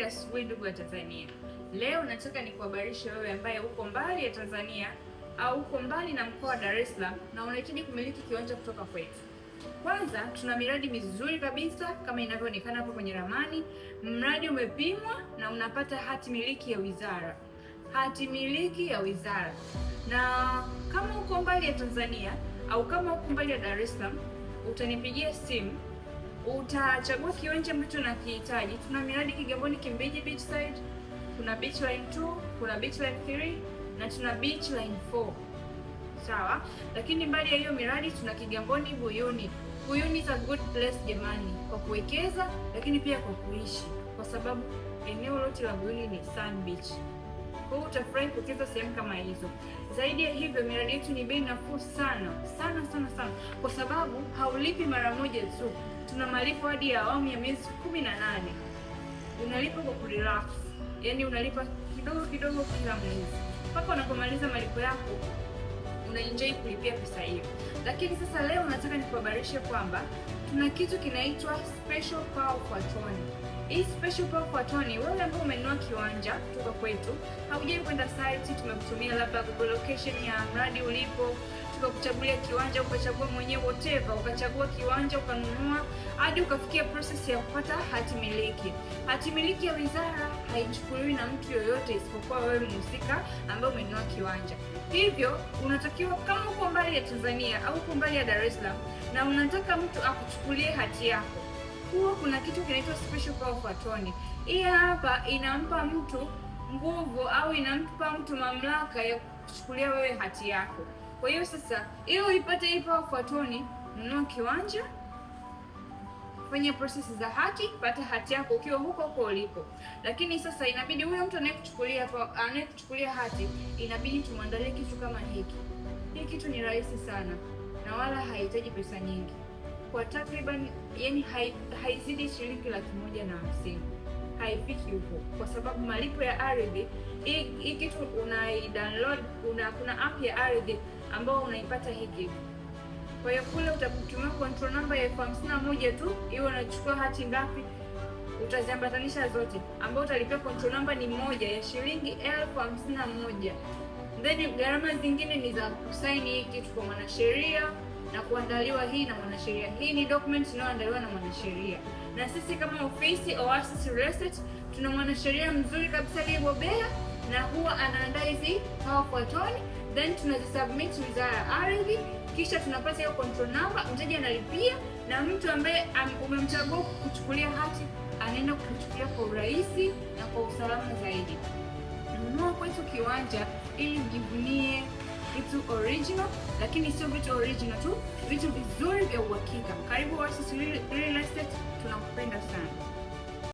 ya asubuhi ndugu ya Tanzania. Leo nataka nikuhabarishe wewe ambaye uko mbali ya Tanzania au uko mbali na mkoa wa Dar es Salaam na unahitaji kumiliki kiwanja kutoka kwetu. Kwanza tuna miradi mizuri kabisa kama inavyoonekana hapo kwenye ramani. Mradi umepimwa na unapata hati miliki ya wizara, hati miliki ya wizara. Na kama uko mbali ya Tanzania au kama uko mbali ya Dar es Salaam, utanipigia simu utachagua kiwanja ambacho unakihitaji. Tuna miradi Kigamboni Kimbiji beach side, kuna beach line 2, kuna beach line 3 na tuna beach line 4. Sawa, lakini mbali ya hiyo miradi tuna Kigamboni Buyuni. Buyuni is a good place jamani, kwa kuwekeza lakini pia kwa kuishi, kwa sababu eneo lote la Buyuni ni sand beach. Kwa hiyo utafurahi kucheza sehemu kama hizo. Zaidi ya hivyo, miradi yetu ni bei nafuu sana sana sana sana, kwa sababu haulipi mara moja tu. Tuna malipo hadi ya awamu ya miezi kumi na nane. Unalipa kwa kurelax, yaani unalipa kidogo kidogo kila mwezi mpaka unapomaliza malipo yako unaenjoy kulipia pesa hiyo. Lakini sasa leo nataka nikuhabarishe kwamba tuna kitu kinaitwa special power kwa Tony. Hii special power kwa Tony, wewe ambao umenunua kiwanja kutoka kwetu, haujai kwenda site, tumekutumia labda Google location ya mradi ulipo katika kuchagulia kiwanja, ukachagua mwenyewe whatever, ukachagua kiwanja, ukanunua hadi ukafikia process ya kupata hati miliki. Hati miliki ya wizara haichukuliwi na mtu yoyote isipokuwa wewe mhusika ambaye umenunua kiwanja. Hivyo unatakiwa kama uko mbali ya Tanzania au uko mbali ya Dar es Salaam na unataka mtu akuchukulie hati yako, huwa kuna kitu kinaitwa special power of attorney. Hii hapa inampa mtu nguvu au inampa mtu mamlaka ya kuchukulia wewe hati yako. Kwa hiyo sasa, ili uipate hii power Tony, nunua kiwanja, fanya prosesi za hati, pata hati yako ukiwa huko huko ulipo. Lakini sasa inabidi huyo mtu anayekuchukulia anayekuchukulia hati inabidi tumwandalie kitu kama hiki. Hii kitu ni rahisi sana na wala haihitaji pesa nyingi, kwa takriban yani haizidi hai shilingi laki moja na hamsini haifiki huko, kwa sababu malipo ya ardhi hii kitu unai download una, kuna app ya ardhi ambao unaipata hii gig. Kwa hiyo kule utakutumia control number ya elfu hamsini na moja tu, iwe unachukua hati ngapi, utaziambatanisha zote, ambao utalipia control number ni moja ya shilingi elfu hamsini na moja. Then gharama zingine ni za kusaini hii kitu kwa mwanasheria na kuandaliwa hii na mwanasheria. Hii ni document inayoandaliwa na mwanasheria, na sisi kama ofisi Oasis Research tuna mwanasheria mzuri kabisa aliyebobea na huwa anaandaa hizi PowerPoint then tunazisubmit Wizara ya Ardhi, kisha tunapata hiyo control number, mteja analipia, na mtu ambaye umemchagua kuchukulia hati anaenda kuchukulia kwa urahisi na kwa usalama zaidi. Nunua kwetu kiwanja ili mjivunie vitu original, lakini sio vitu original tu, vitu vizuri vya uhakika. Karibu Oasis Real Estate, tunakupenda sana.